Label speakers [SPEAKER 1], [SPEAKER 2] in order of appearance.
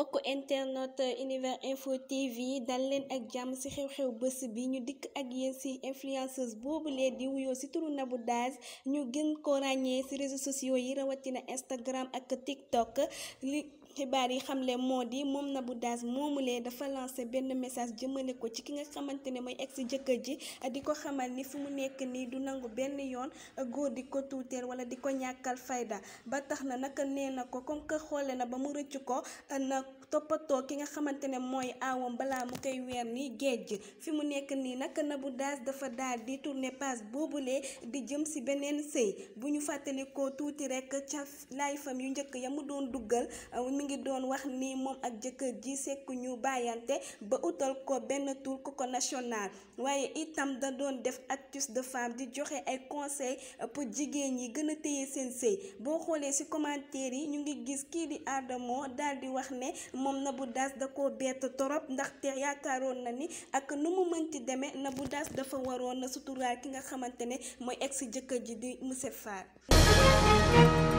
[SPEAKER 1] mbokk internet univers info tv dal leen ak jàmm ci xew-xew bés bi ñu dikk ak yéen ci influenceuse boobu lee di wuyoo ci turu bu Dash ñu gën ko ràññee ci réseau sociaux yi rawatina Instagram ak TikTok xibaar yi xamle moo di moom na Nabou Dash moomulee dafa lancé benn message jëmale ko ci ki nga xamante ne mooy ex jëkkër ji di ko xamal ni fu mu nekk nii du nangu benn yoon a góor di ko tuuteel wala di ko ñàkkal fayda ba tax na naka nee na ko comme que xoole na ba mu rëcc ko na toppatoo ki nga xamante ne mooy aawam balaa mu koy weer ni géej fi mu nekk nii naka bu Dash dafa daal di tourner boobu boobulee di jëm si beneen sëy bu ñu fàttalikoo tuuti rek ca laay fam yu njëkk ya mu doon duggal mi ngi doon wax ni moom ak jëkkër ji sekk ñu bàyyante ba utal ko benn tur ku ko national waaye itam da doon def actus de femme di joxe ay conseil euh, pour jigéen yi gëna tëye seen sëy boo xoolee ci commentaire yi ñu ngi gis kii di Adamo dal di wax ne moom bu Dash da ko bett torop ndaxte yaakaaroon na ni ak nu mu mënti na bu Dash dafa waroon na suturaal ki nga xamante ne mooy ex jëkkër ji di monsieur Fall